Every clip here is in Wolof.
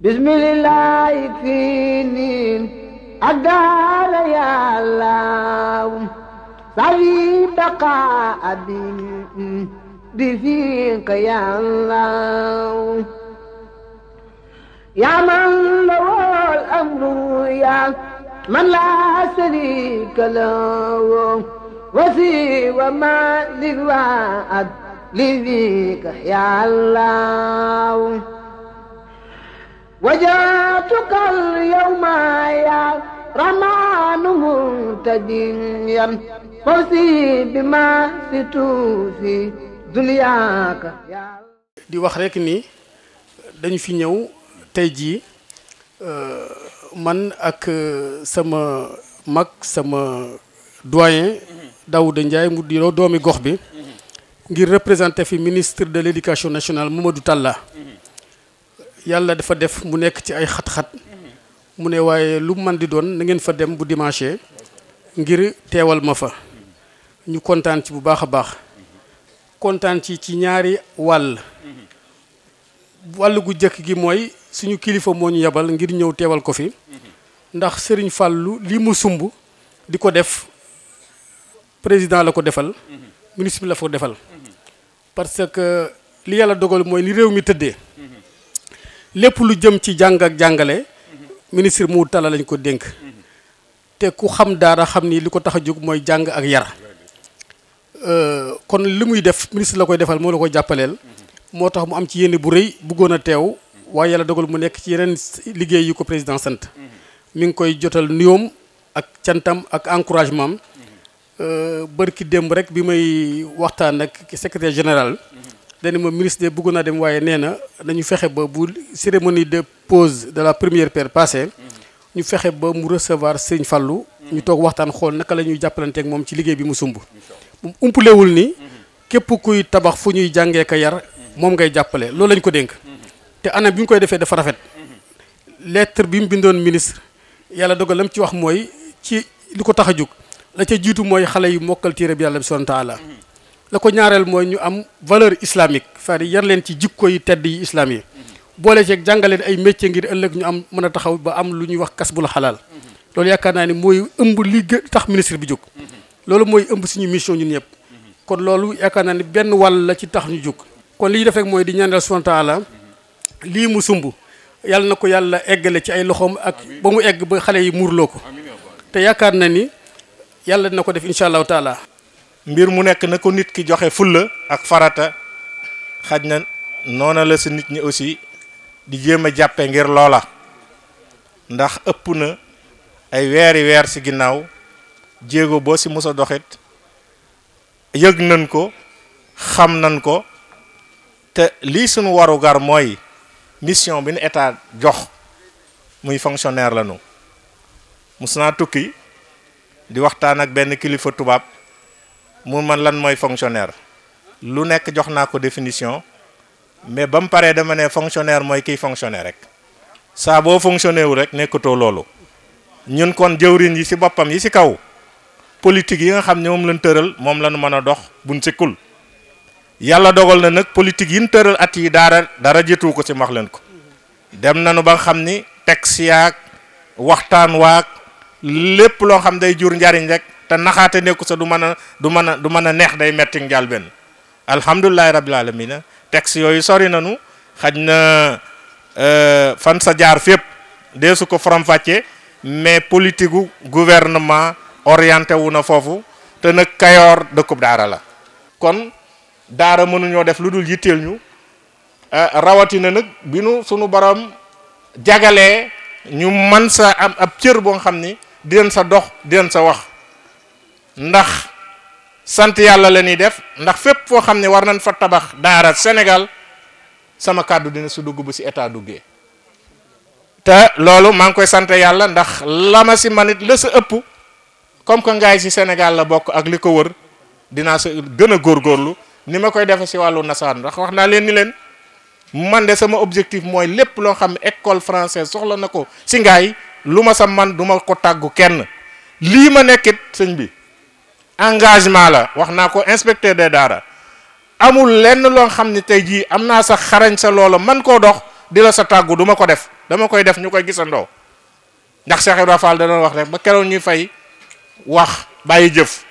bismillah fii niin ak daara yàllaaw sawi baqa abin bi fiika yàllaaw yaa man lawol amru yaa man laa sharika lahu wasi wa ma lil waad li fiika yàllaaw وجاتك اليوم يا رمان منتجيا فوزي بما ستوفي دنياك di wax rek ni dañu fi ñëw tey jii euh, man ak euh, sama mag sama doyen Daouda Ndiaye mu di doomi gox bi ngir représenter fi ministre de l'éducation nationale Mamadou Talla yàlla dafa def mu nekk ci ay xat-xat mu ne waaye lu man di doon na ngeen fa dem bu dimanché ngir teewal ma fa ñu kontaan ci bu baax a baax kontaan ci ci ñaari wàll wàll gu jëkk gi mooy suñu kilifa moo ñu yebal ngir ñëw teewal ko fi ndax Serigne Fallou lii mu sumb di ko def président la ko defal ministre bi la ko defal parce que li yàlla dogal mooy ni réew mi tëddee lépp lu jëm ci jàng ak jàngale ministre mu Talla lañ ko dénk te ku xam daara xam ni li ko tax a jóg mooy jàng ak yar kon li muy def ministre la koy defal moo la ko jàppaleel moo tax mu am ci yéene bu rëy bëggoon a teew waaye yàlla dogal mu nekk ci yeneen liggéey yu ko président sant mi ngi koy jotal nuyoom ak cantam ak encouragement am bërki démb rek bi may waxtaan ak secretaire général dañu ma ministre de bëggoon naa dem waaye nee na nañu fexe ba bu cérémonie de pose de la première pierre passée ñu fexe ba mu recevoir sëñ fallu ñu toog waxtaan xool naka la ñuy jàppalanteeg moom ci liggéey bi mu sumb. umpulewul ni képp kuy tabax fu ñuy jàngee ko yar moom ngay jàppale loolu lañ ko dénk. te anam bi mu koy defee dafa rafet. lettre bi mu bindoon ministre yàlla dogal la ci wax mooy ci li ko tax a jóg la ca jiitu mooy xale yu mokkal téere bi yàlla bi la ko ñaareel mooy ñu am valeur islamique cest à leen ci jikko yi tedd yi islam yi boole ceeg jàngaleen ay métier ngir ëllëg ñu am mën a taxaw ba am lu ñuy wax la xalaal loolu yaakaar naa ne mooy ëmb li tax ministre bi jóg loolu mooy ëmb suñu mission ñun ñëpp kon loolu yaakaar naa ni benn wàll la ci tax ñu jóg kon li ñu def rek mooy di ñaanal subhanahu taala lii mu sumb yàlla na ko yàlla eggale ci ay loxoom ak ba mu egg ba xale yi muurloo ko yaakaar na ni yàlla na ko def incha allahu mbir mu nekk na ko nit ki joxe fulla ak farata xaj na noona la si nit ñi aussi di jéem a jàppe ngir loola ndax ëpp na ay weeri weer ci ginnaaw jéego boo ci mosa doxit yëg nañ ko xam nañ ko te lii suñu warugar mooy mission bi nu état jox muy fonctionnaire lañu mus naa tukki di waxtaan ak benn kilifa tubaab mu man lan mooy fonctionnaire lu nekk jox naa ko définition mais ba mu paree dama ne fonctionnaire mooy kiy fonctionner rek saa boo fonctionné wu rek nekkatoo loolu ñun kon jëwrin yi ci boppam yi ci kaw politique yi nga xam ne moom lañ tëral moom lañ mën a dox buñ sikkul yàlla dogal na nag politique yi ñu tëral at yi daara dara jëtuwu ko ci wax leen ko dem nañu ba nga xam ni texte yaag waxtaan waag lépp loo xam day jur njariñ rek te naxaate nekku sa du mën a du mën a du mën a neex day metti njaal benn alhamdulilahi rabil alamina texte yooyu sori nanu xaj na euh, fan sa jaar fépp dee su ko faram-fàccee mais politiku gu gouvernement orienté wu na foofu te nag kayoor dëkkub daara la kon daara mënuñoo def lu dul yitteel ñu euh, rawatina nag bi nu sunu borom jagalee ñu man sa am ab cër boo xam ni di leen sa dox di leen sa wax ndax sant yàlla la ñuy def ndax fépp foo xam ne war nañ fa tabax daara Sénégal sama kàddu dina su dugg bu si état duggee te loolu maa ngi koy sante yàlla ndax la ma si manit la sa ëpp comme que ngaay si Sénégal la bokk ak li ko wër dinaa sa gën a góorgóorlu ni ma koy defee si wàllu nasaan ndax wax naa leen ni leen man de sama objectif mooy lépp loo xam ne école française soxla na ko si ngaay lu ma sa man du ma ko tàggu kenn lii ma nekkit sëñ bi engagement la wax naa ko inspecteur de daara amul lenn loo xam ne tey jii am naa sa xarañ sa loola man koo dox di la sa tàggu duma ko def dama koy def ñu koy gisandoo ndax Cheikh Ibrahima Fall dana wax rek ba keroog ñuy fay wax bàyyi jëf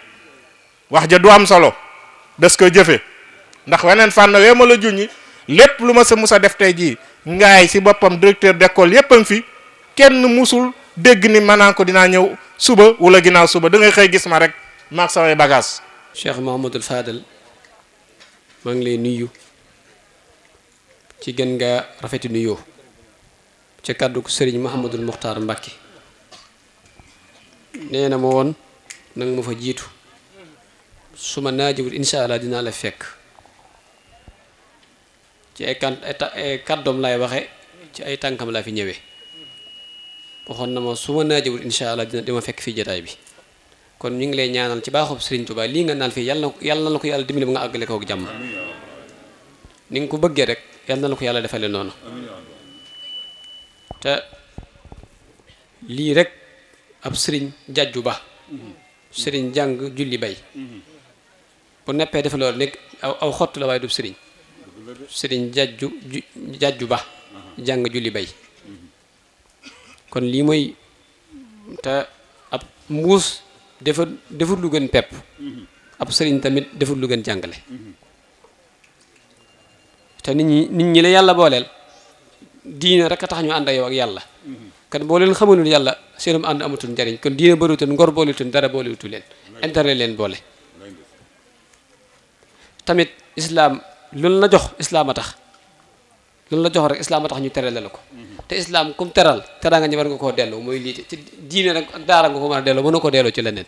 wax ja du am solo des ko jëfe ndax weneen fànn wee ma la junñi lépp lu ma sa mus a def tey jii ngaay si boppam directeur d'école yépp a ngi fi kenn musul dégg ni maanaam ko dinaa ñëw suba wala ginnaaw suba da ngay xëy gis rek maag samay bagage Cheikh Mahamadul Fadal maa ngi lay nuyu ci gën nga rafeti nuyoo ci kàddu ko sëriñ Mahamadul Muxtaar Mbàkke nee na ma woon nanga ma fa jiitu su ma naajiwul incha allah dinaa la fekk ci ay laay waxe ci ay tànkam laa fi ñëwee waxoon na ma su ma naajiwul incha allah dina dima fekk fii jataay bi kon ñu ngi lay ñaanal ci baaxub Sëriñ Tuubaa lii nga naan fii yàlla yàlla na la ko yàlla dimbali ba nga àggale ko ak jàmm ni nga ko bëggee rek yàlla na la ko yàlla defale noonu te lii rek ab sëriñ jàjju ba sëriñ jàng julli bay bu neppee def loolu aw xott la waaye du sëriñ sëriñ jàjju jàjju ba jàng julli bay kon lii mooy te ab mbuus defal deful lu gën pepp mhm. ab sëriñ tamit deful lu gën jàngale mhm. te nit ñi nit ñi la yàlla booleel diine rek a tax ñu ànd ak yow ak yàlla mhm. kan boo leen xamalul yàlla seenum ànd amatul njariñ kon diine bëriwutoon ngor boolewutoon dara boolewutu leen intérêt leen boole tamit islaam loolu la jox islaam a tax loolu la jox rek islaam a tax ñu terale la ko te islam kum teral teraanga ñi war nga koo delloo mooy lii ci diine rek ak daara nga ko mën a delloo mënoo ko delloo ci leneen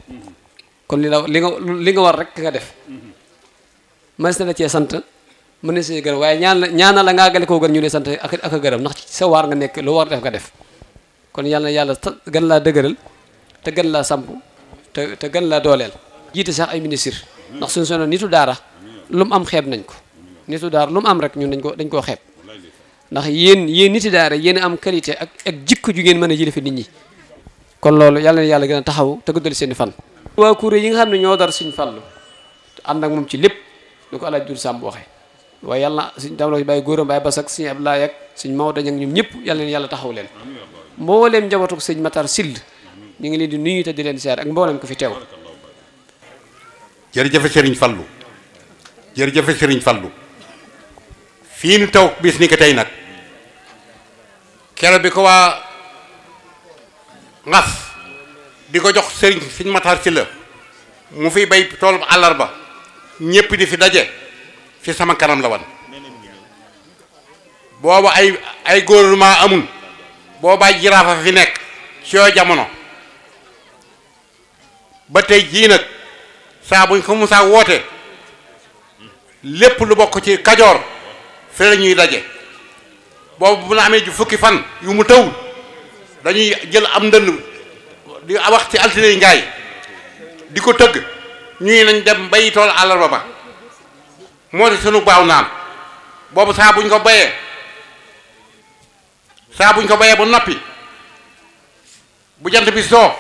kon li la li nga li nga war rek nga def mënees na la cee sant mënees na cee gërëm waaye ñaan la ñaana la ngaa gale koo gën ñu lay sant ak ak a gërëm ndax sa waar nga nekk loo war def kon yàlla na yàlla gën laa dëgëral te gën laa samp te te gën laa dooleel jiite sax ay ministre ndax suñu sono nitu daara lu mu am xeeb nañ ko nitu daara lu mu am rek ñun dañ ko dañ koo xeeb ndax yéen yéen niti daara yéen am qualité ak ak jikko ju ngeen mën a jëlee fi nit ñi kon loolu yàlla na yàlla gën a taxaw te guddal seen fan waa kuréel yi nga xam ne ñoo dar suñ fàllu ànd ak moom ci lépp lu ko alaaj dul sàmm waaye yàlla suñ damlo si bàyyi góoram bàyyi basak suñu Abdoulaye ak suñ Maodo ñoom ñëpp yàlla leen yàlla taxaw leen mbooleem njabootug sëñ Matar Sill ñu ngi leen di nuyu te di leen siyaar ak mbooleem ko fi teew jërëjëf sëriñ Fallu jërëjëf sëriñ Fallu taw bis ni tey nag kero bi ko waa ngas di ko jox sëriñ siñ matar ci la mu fi bay tool toolu ba ñépp di fi daje fi sama kanam la wan booba ay ay gouvernement amul booba jiraafa fi nekk ci yoo jamono ba tey jii nag saa buñ ko musaa woote lépp lu bokk ci kajoor fi la ñuy daje boobu bu la amee ji fukki fan yu mu tawul dañuy jël am ndënd di wax ci altine yi njaay di ko tëgg ñuy nañ dem bayi tool àllarba ba moo di sunu baaw naan boobu saa buñ ko bayee saa buñ ko bayee ba noppi bu jant bi soo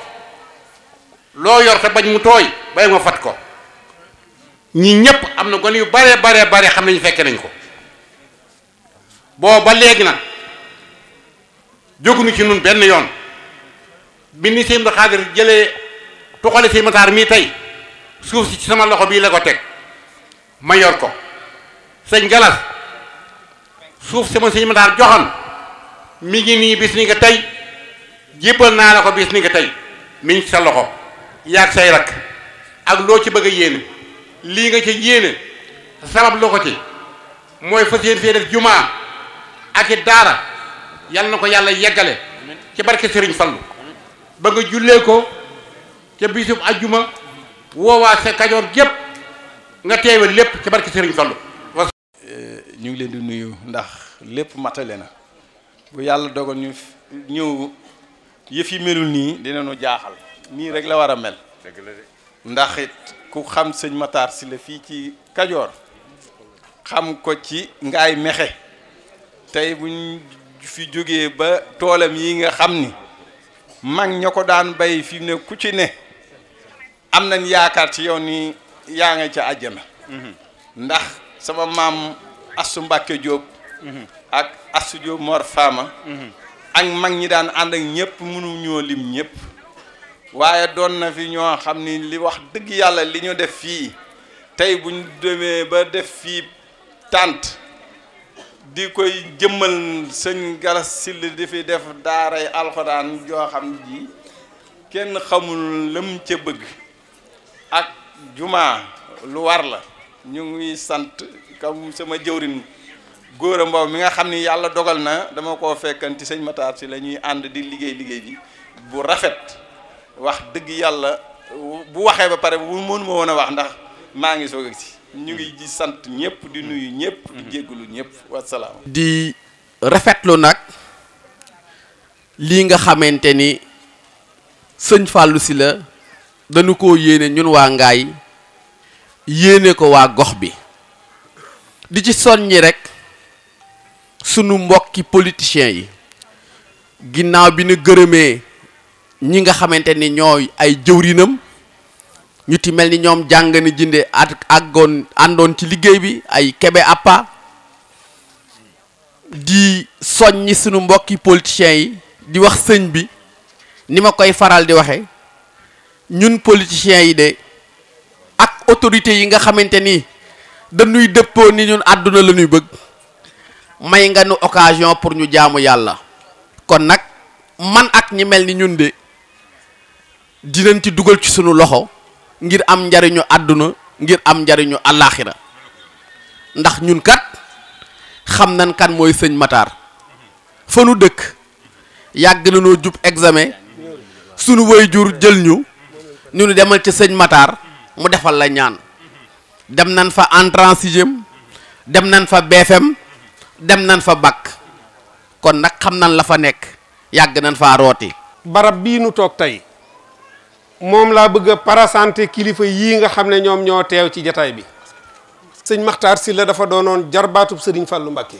loo yor te bañ mu tooy bay nga fat ko ñii ñépp am na gone yu bare bare bare xam ñu fekke nañ ko boo ba léegi nag jóguñu ci nun benn yoon bi ni sëñ Abdou Khadre jëlee tuxale si mataar mii tey suuf si ci sama loxo bii la ko teg ma yor ko sëñ galas suuf sama sëñ mataar joxoon mi ngi nii bis ni nga tey jébbal naa la ko bis ni nga tey mi ngi ci sa loxo yaag say rakk ak loo ci bëgg a yéene lii nga ci yéene sabab loo ko ci mooy fas fee def jumaa ak daara yal na ko yàlla yeggale ci barke sëriñ Fallu ba nga jullee ko ca bisub ajjuma woowaa sa kajoor gépp nga teewe lépp ci barke sëriñ Fallu eh, ñu ngi leen di nuyu ndax lépp matale na bu yàlla dogal ñu ñëw yëf yi melul nii dinañu jaaxal nii rek la war a mel ndax ku xam sëñ mataar si la fii ci kajoor xam ko ci ngaay mexe tey buñ fi jógee ba toolam yi nga xam ni mag ña ko daan bay fii ne ku ci ne am nañ yaakaar ci yow ni yaa nga ci àjjana mhm. ndax sama maam Assu Mbàkke Jóob ak Assu Jóob Mor mhm. ak mag ñi daan ànd ak ñëpp mënu ñoo lim ñëpp waaye doon na fi ñoo xam ni li wax dëgg yàlla li ñu def fii tey buñ demee ba def fii tànt di koy jëmmal sëñ Galas Sill di fi def daaray alxuraan joo xam ji kenn xamul lëm ca bëgg ak jumaa lu war la ñu ngi sant kam sama jëwrin góor a mbaw mi nga xam ni yàlla dogal na dama koo fekkanti sëñ Matar si la ñuy ànd di liggéey liggéey bi bu rafet wax dëgg yàlla bu waxee ba pare bu mënuma woon a wax ndax maa ngi soog a si ñu ngi di sant ñëpp di nuyu ñëpp di mm-hmm. jéggalu ñëpp wasalaam di rafetlu nag lii nga xamante ni sëñ Fallou la dañu ko yéene ñun waa Ngaye yéene ko waa gox bi di ci soññi rekk sunu mbokki politiciens yi ginnaaw bi nu gërëmee ñi nga xamante ni ñooy ay jëwrinam ñu ti mel ni ñoom jàngani jinde ak àggoon àndoon ci liggéey bi ay kebe appa di soññi sunu mbokki politiciens yi di wax sëñ bi ni ma koy faral di waxe ñun politiciens yi de ak autorités yi nga xamante ni dañuy dëppoo ni ñun àdduna lañuy bëgg may nga nu occasion pour ñu jaamu yàlla kon nag man ak ñi mel ni ñun de dinañ dugal ci sunu loxo ngir am njariñu àdduna ngir am njariñu àllaaxira ndax ñun kat xam nan kan mooy sëñ Matar fa nu dëkk yàgg na noo jub examen sunu jur jël ñu ñu nu demal ca sëñ Matar mu defal la ñaan dem nan fa entrant dem nan fa BFM dem nan fa bac kon nag xam nan la fa nekk yàgg nan faa rooti. barab bii nu toog tey. moom laa bëgg a parasante kilifa yii nga xam ne ñoom ñoo teew ci jataay bi sëñ Maxtaar Sylla dafa doonoon jarbaatub sëriñ Fàllu Mbàkke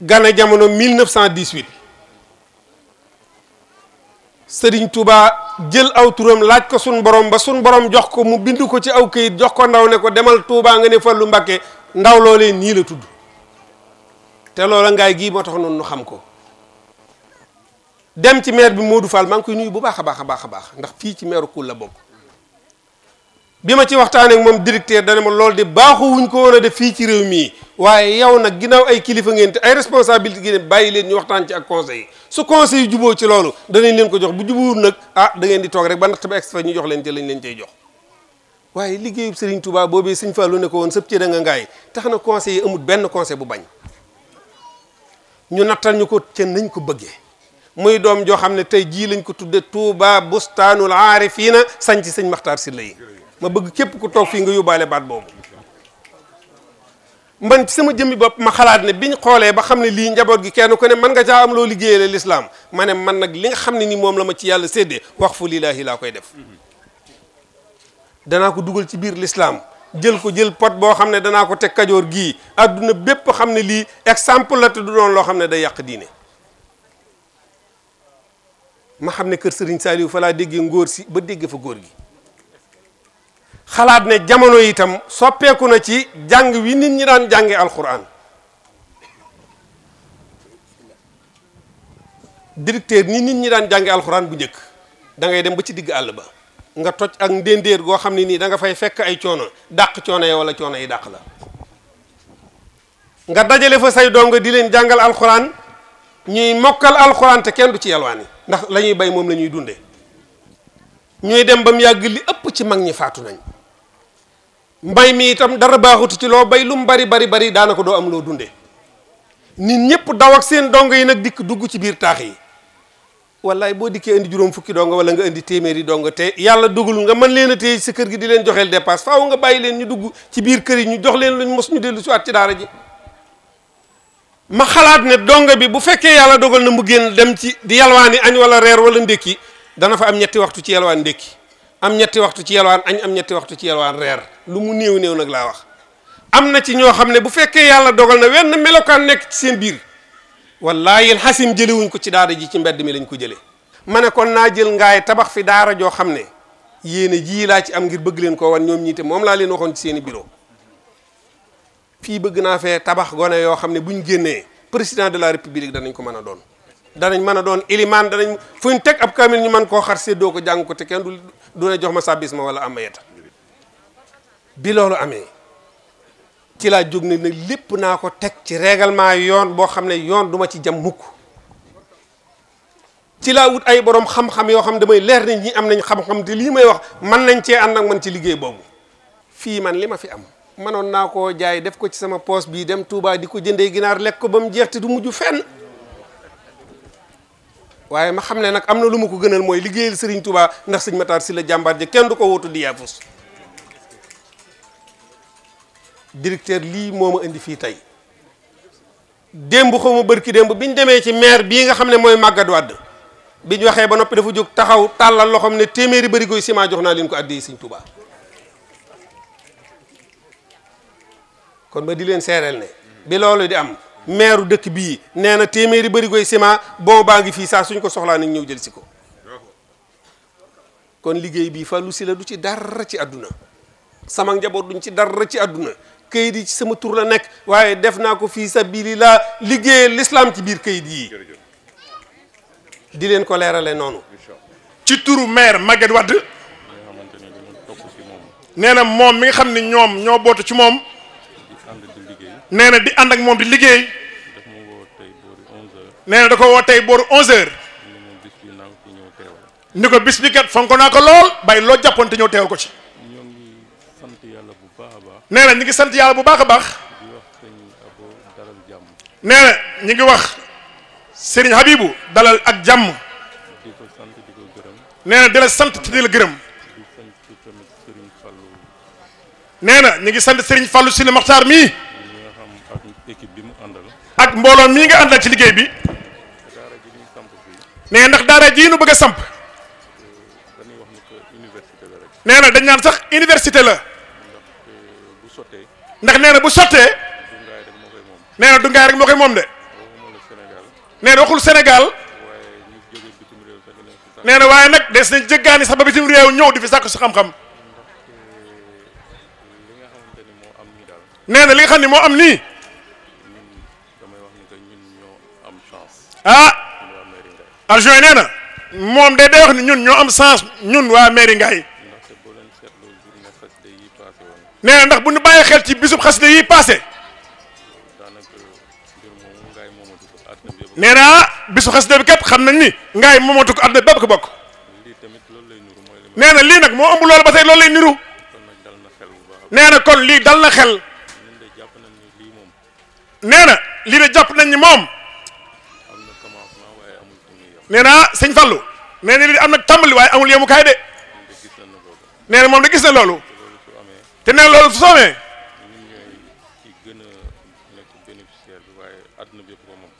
gane jamono 1918 sëriñ Touba jël aw turam laaj ko sun borom ba sun borom jox ko mu bind ko ci aw kayit jox ko ndaw ne ko demal Touba nga ne lu Mbàkke ndaw loolee nii la tudd te loola ngaay gii moo tax noonu nu xam ko dem ci maire bi Modou Fall maa ngi koy nuyu bu baax a baax a baax a baax ndax fii ci maire Koul la bokk bi ma ci waxtaanee ak moom directeur dana ma lool de baaxuwuñ ko woon a def fii ci réew mii waaye yow nag ginnaaw ay kilifa ngeen te ay responsabilité ngeen bàyyi leen ñu waxtaan ci ak conseil yi su conseil yi juboo ci loolu danañ leen ko jox bu jubuwul nag ah da ngeen di toog rek ba natt ba extra ñu jox leen ci lañ leen cey jox waaye liggéeyub Serigne Touba boobee Serigne Fallou ne ko woon sëpp ci nga ngaay tax na conseil yi benn conseil bu bañ ñu ñu ko ca nañ ko bëggee muy doom joo xam ne tey jii lañ ko tudde Touba bustaanul aarifiina sañ ci sëñ Maxtaar Sylla yi ma bëgg képp ku toog fii nga yóbbaale baat boobu man sama jëmmi bopp ma xalaat ne biñ xoolee ba xam ne lii njaboot gi kenn ku ne mën nga caa am loo liggéeyale lislaam ma ne man nag li nga xam ne nii moom la ma ci yàlla séddee wax fu lillaahi laa koy def danaa ko dugal ci biir lislaam jël ko jël pot boo xam ne danaa ko teg kajoor gii adduna bépp xam ne lii exemple la du doon loo xam ne day yàq diine ma xam ne kër sëriñ Saliou fa laa déggee ngóor si ba dégg fa góor gi xalaat ne jamono itam soppeeku na ci jàng wi nit ñi daan jànge alxuraan directeur ni nit ñi daan jànge alxuraan bu njëkk dangay dem ba ci digg àll ba nga toj ak ndéndéer goo xam ne nii danga fay fekk ay coono dàq coono yi wala coono yi dàq la nga dajale fa say doom di leen jàngal alxuraan ñuy mokkal alxuraan te kenn du ci yalwaan yi ndax lañuy bay moom la ñuy dundee ñuy dem ba mu yàgg li ëpp ci mag ñi faatu nañ mbay mi itam dara baaxutu ci loo bay lu mu bari bari bari daanaka doo am loo dundee nit ñëpp daw ak seen dong yi nag dikk dugg ci biir taax yi wallaay boo dikkee indi juróom fukki dongo wala nga indi téeméeri donga te yàlla dugalul nga man leen a téye sa kër gi di leen joxeel dépasse faaw nga bàyyi leen ñu dugg ci biir kër yi ñu jox leen luñ mos ñu dellu si ci daara ji ma xalaat ne donga bi bu fekkee yàlla dogal na mu génn dem ci di yalwaani añ wala reer wala ndékki dana fa am ñetti waxtu ci yalwaan ndékki am ñetti waxtu ci yalwaan añ am ñetti waxtu ci yalwaan reer lu mu néew néew nag laa wax am na ci ñoo xam ne bu fekkee yàlla dogal na wenn melokaan nekk ci seen biir wallaahi yéen xasim jëlewuñ ko ci daara ji ci mbedd mi lañ ko jëlee ma ne naa jël ngaay tabax fi daara joo xam ne yéene jii laa ci am ngir bëgg leen koo wan ñoom ñii te moom laa leen ci seeni bureau fii bëgg naa fee tabax gone yoo xam ne bu ñu génnee président de la république danañ ko mën a doon danañ mën a doon ilimaan danañ fu ñu teg ab kamil ñu man koo xar séddoo ko jàng ko te kenn du du ne jox ma sàbbis ma wala am yeta bi loolu amee ci laa jóg ne nag lépp naa ko teg ci règlement yoon boo xam ne yoon duma ci jam mukk ci laa wut ay borom xam-xam yoo xam damay leer nit ñi am nañ xam-xam te lii may wax man nañ cee ànd nag man ci liggéey boobu fii man li ma fi am mënoon naa koo jaay def ko ci sama poos bii dem tuubaa di ko jëndee ginaar lekk ko ba mu jeex te du mujj fenn waaye ma xam ne nag am na lu ma ko gënal mooy liggéeyal Serigne Touba ndax sëñ Matar si la jàmbaar ji kenn du ko wootu di yaafus directeur lii moo ma indi fii tey démb xaw ma bërki démb bi ñu demee ci maire bii nga xam ne mooy Magatte Wade bi ñu waxee ba noppi dafa jóg taxaw tàllal loxoom ne téeméeri bërigoy ciment jox naa leen ko àddee Serigne Touba. kon ba di leen seereel ne bi loolu di am maire dëkk bii nee na téeméeri bari koy ciment bon baa ngi fii saa suñ ko soxlaa nañ ñëw jël si ko kon liggéey bii Fallou Sylla du ci dara ci àdduna sama njaboot duñ ci dara ci àdduna këyit yi ci sama tur la nekk waaye def naa ko fii sabilillah liggéeyal lislaam ci biir kayit yii di leen ko leerale noonu ci turu maire Maguette Wade nee na moom mi nga xam ne ñoom ñoo bootu ci moom nee na di ànd ak moom di liggéey. nee na da ko woo tey booru 11h. ni ko bis bi kat fonk naa ko lool bàyyi loo jàppoon te ñëw teew ko ci. nee na ñu ngi sant yàlla bu baax a baax. nee na ñu ngi wax Serigne Habibou dalal ak jàmm. nee na di sant te di la gërëm. nee na ñu ngi sant Serigne Fallou Sine Maxtaar mii. ak mbooloo mii nga àndal ci liggéey bi nee na ndax daara jii nu bëgg a samp nee na dañ naan sax université la ndax nee na bu sottee nee na dungaay rek moo koy moom de nee na waxul Sénégal nee na waaye nag des nañ jëggaani sax ba bitim réew ñëw di fi sàkku si xam-xam nee na li nga xam ni moo am nii ah adjoint nee na moom de day wax ni ñun ñoo am chance ñun waa mairie Ngaye nee na ndax bu nu bàyyi xel ci bisub xasida yi passé nee na bisu xasida bi képp xam nañ ni Ngaye moomatu ko àdduna bépp ko bokk nee na lii nag moo ëmb loolu ba tey loolu lay niru nee na kon lii dal na xel nee na lii de jàpp nañ ni moom nee naa sëñ Fallou nee na li am nag tàmbali waaye amul yemukaay de nee na moom de gis na loolu te nee loolu su soomee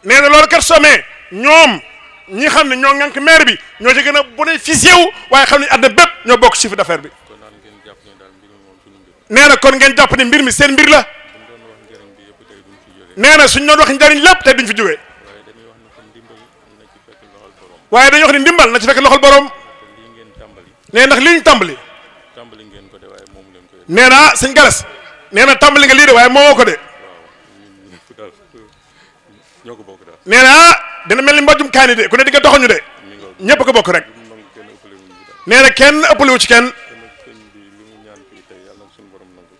nee na loolu kat soomee ñoom ñi xam ne ñoo ngànk maire bi ñoo ci gën a bénéficié wu waaye xam ne àdduna bépp ñoo bokk chiffre d'affaires bi nee na kon ngeen jàpp ne mbir mi seen mbir la nee na suñ doon wax njariñ lépp te duñ fi jógee waaye dañoo wax ne ndimbal na ci fekk loxol borom nee ndax li ñu tàmbali nee naa sëñ Galas nee na tàmbali nga lii de waaye moomoo ko de nee naa dina mel ni mbojum kaani de ku ne di nga doxuñu de ñëpp ko bokk rek nee na kenn ëppaliwu ci kenn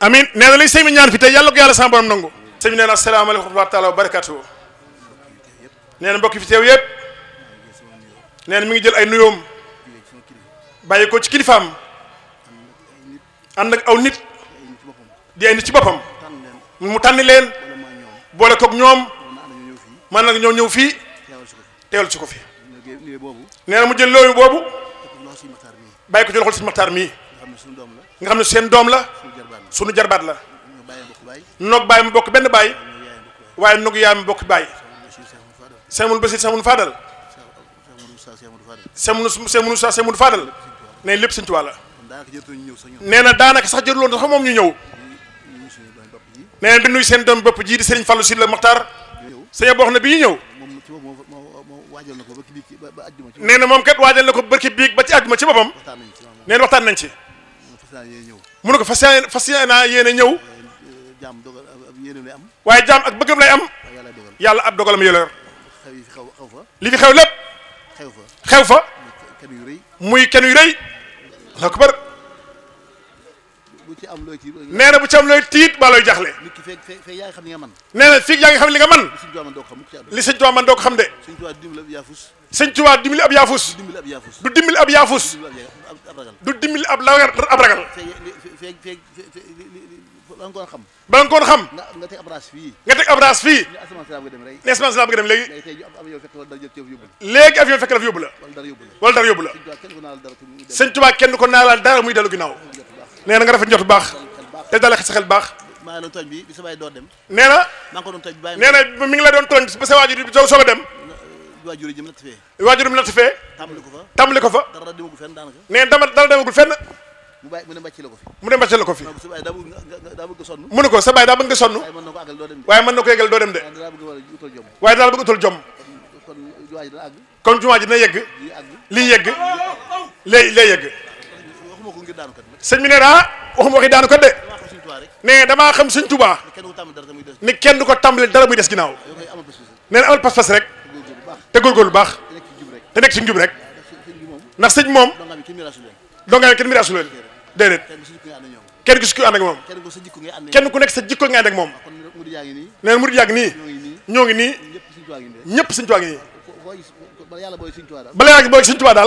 amin nee na li sëñ bi ñaan fi tey yàlla ko yàlla sama borom nangu sëñ bi nee na asalaamaaleykum wa rahmatulah wa barakatuh nee na mbokk fi teew yëpp neena na mi ngi jël ay nuyoom bàyyi ko ci kilifaam ànd ak aw nit di ay nit ci boppam mu tànni leen boole koog ñoom man nag ñoo ñëw fii teewal si ko fi nee na mu jël looyu boobu bàyyi ko ci loxol si maxtaar mii nga xam ne seen doom la sunu jarbaat la noog baay mu bokk benn baay waaye noog yaay mu bokk baay seen mun basir seen mun faadal Cheikh Moudou Sa Cheikh Moudou Fadal ne lépp sëñ Tuubaa la nee na daanaka sax jëruloon sax moom ñu ñëw nee na di nuyu seen doom bopp jii di Serigne Fallou Sylla Mokhtar sëñ boo xam ne bi ñu ñëw nee na moom kat waajal na ko barki biig ba ci àjjuma ci boppam nee na waxtaan nañ ci mu ne ko fas yéene fas yéene naa yéene ñëw waaye eh, jaam ak bëggam lay am yàlla ab dogalam yële li fi xew lépp xew fa muy kenn yu rëy la ko bër nee na bu ci am looy tiit ba looy jaxle nee na yaa ngi xam li nga man li sëñ Tuubaa man doo ko xam de sëñ Tuubaa dimbali ab yaafus du dimbali ab yaafus du dimbali ab lawer ab ragal ba nga koon xam nga teg abraas fii ne asamaan si laa bëgg dem léegi léegi avion fekk la léegi yóbbu la wala dara yóbbu la sëñ Tuubaa kenn ko naalaal dara muy dellu ginnaaw nee nga rafet njort baax te dala sa xel baax maa doon tooñ ngi la doon tooñ ba sa waajur bi soog a dem eh, waajur ji mu natt fee waajur ko fa tàmbali dara demagul fenn mu bàyyi mu ne mbàcc la ko fi mu ne mbàcc la ko sa baay daa bëgg ko sa baay daa bëgg nga sonn waaye mën na ko àggal doo dem de waaye mën de daa bëgg bëgg utal jom kon jumaa ji dina àgg kon jumaa ji dina yegg lii yegg waxuma ko ngir daanu kat sëñ nee de ne damaa xam sëñ Tuubaa ni kenn du ko tàmbali dara muy des ginnaaw nee na amal pas-pas rek te góorgóorlu baax te nekk ci njub rek ndax sëñ moom dongaa bi kenn miraasu déedéet kenn ku si ànd ak moom kenn ku nekk sa jikko ngay ànd moom neen ah, murid yaa nii ñoo ngi nii ñëpp Sëñ Tuubaa bala yàlla booy Sëñ Tuubaa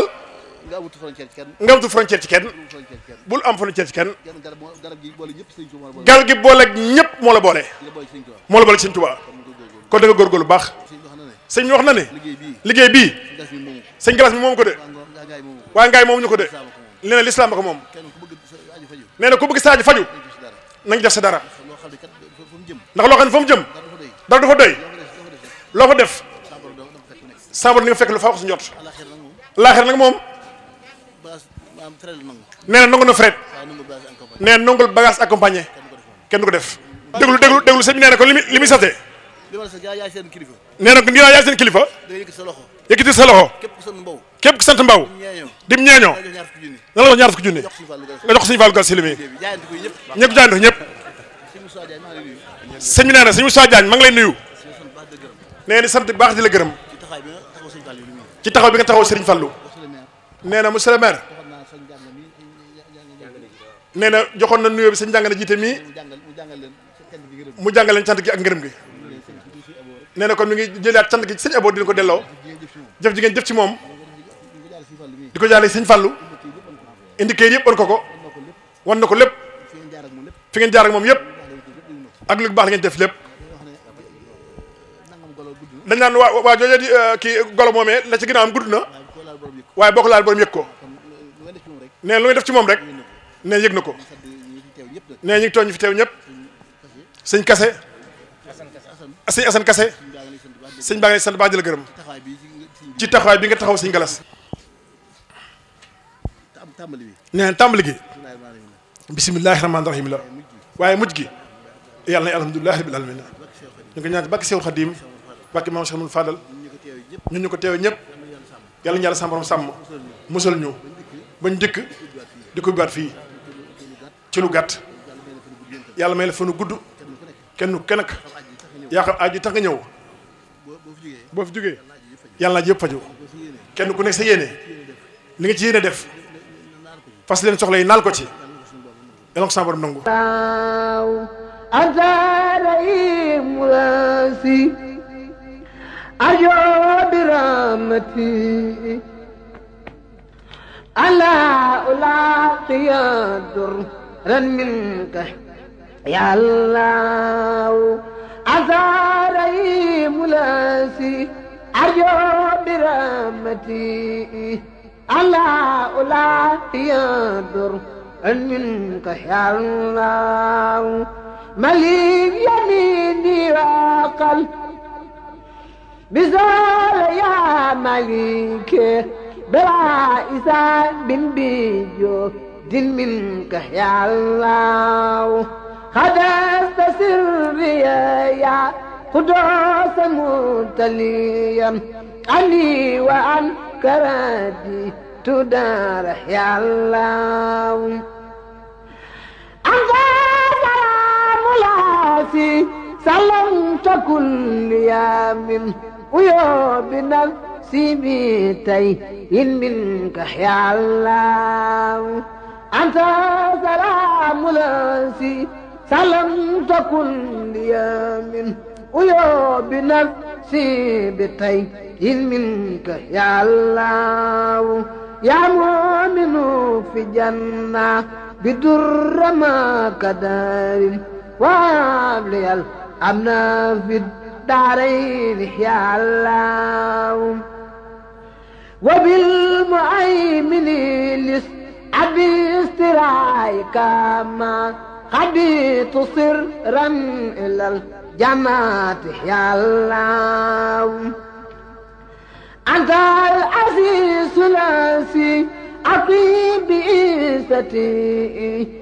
bul am frontière ci kenn garab gi boole ñëpp moo la boole moo la boole Sëñ Tuubaa kon da nga góorgóorlu baax sëñ wax na ne liggéey bii sëñ galas mi moom ko de waa ngaay moom ñu ko de nee lislaam ko moom nee na ku bëgg saaju faju nañ def sa dara ndax loo xam ne fa mu jëm dara du fa doy loo fa def saabu ni nga fekk lu faaw ko si njot laaxir nag moom nee na nangu na fret nee na nangul bagage accompagné kenn du ko def déglu déglu déglu sëñ bi nee ko li muy li muy sate nee na ko ngi yaay seen kilifa da ngay yëkkati sa loxo yëkkati sa loxo képp ku képp sant mbaw dim ñeeñoo na la wax ñaar fukki junni nga jox ko sëñ Fallou Gallass Syll mi ñëpp jaay ndox bi nee na sëñ Moussa Diagne ma ngi lay nuyu nee na sant bu baax di la gërëm ci taxaw bi nga taxaw Serigne Fallou nee na monsieur le maire nee na joxoon na nuyoo bi sëñ jàngale jiite mii mu jàngal leen cant gi ak ngërëm gi nee na kon mi ngi jëlaat cant gi sëñ Abo dina ko delloo jëf ji jëf ci moom di ko jaaree sëñ Fallou indi kayit yëpp wan ko ko wan na ko lépp fi ngeen jaar ak moom yëpp ak lu baax la ngeen def lépp dañ naan waa waa jooju di euh, kii golo moomee la ci ginnaawam gudd na waaye boo ko laal borom yëg ko nee lu ngay def ci moom rek nee yëg na ko nee ñu ngi tooñ ñu fi teew ñëpp sëñ Kase sëñ Assane Kase sëñ baa ngi lay sant baa jël gërëm ci taxawaay bi nga taxaw sëñ Galas tàmbali bi nee na tàmbali gi bisimilahi rahmaani rahim la waaye mujj gi yàlla na alhamdulilahi rabil alamin ñu ko ñaan bàkki Seexul Xadim bàkki maam Cheikh Mouhamadou Fadal ñun ñu ko teewe ñëpp yàlla ñu yàlla sàmm borom sàmm musal ñu bañ dëkk di ko baat fii ci lu gàtt yàlla may la fanu gudd kenn kenn ak yaa xam aaj yi tax nga ñëw boo fi jógee yàlla naa ji faju kenn ku nekk sa yéene li nga ci yéene def fas leen soxla yi naal ko ci yal na ko sama borom nangu أجوا برامتي ألا ألاقي درا منك يا الله أزاري ملاسي أجوا برامتي الله لا يضر أن منك يا الله مليك يميني وقل بزار يا مليك بلا إسان بن بيجو دين منك يا الله خدست سري يا قدوس متليا أني وأنت كرادي تدار يا الله أنت سلام ياسي سلمت كل يوم ويا بنفسي بيتي إن منك يا الله أنت سلام ياسي سلمت كل يوم ويا بنفسي بيتي إذ منك يا الله يا مؤمن في جنة بدر ما كدار وابلي الأمن في الدارين يا الله وبالمؤمن لس أبي استرايك ما خبيت سرا إلى الجماعة يا الله أنت العزيز الأسي أقيم بإستي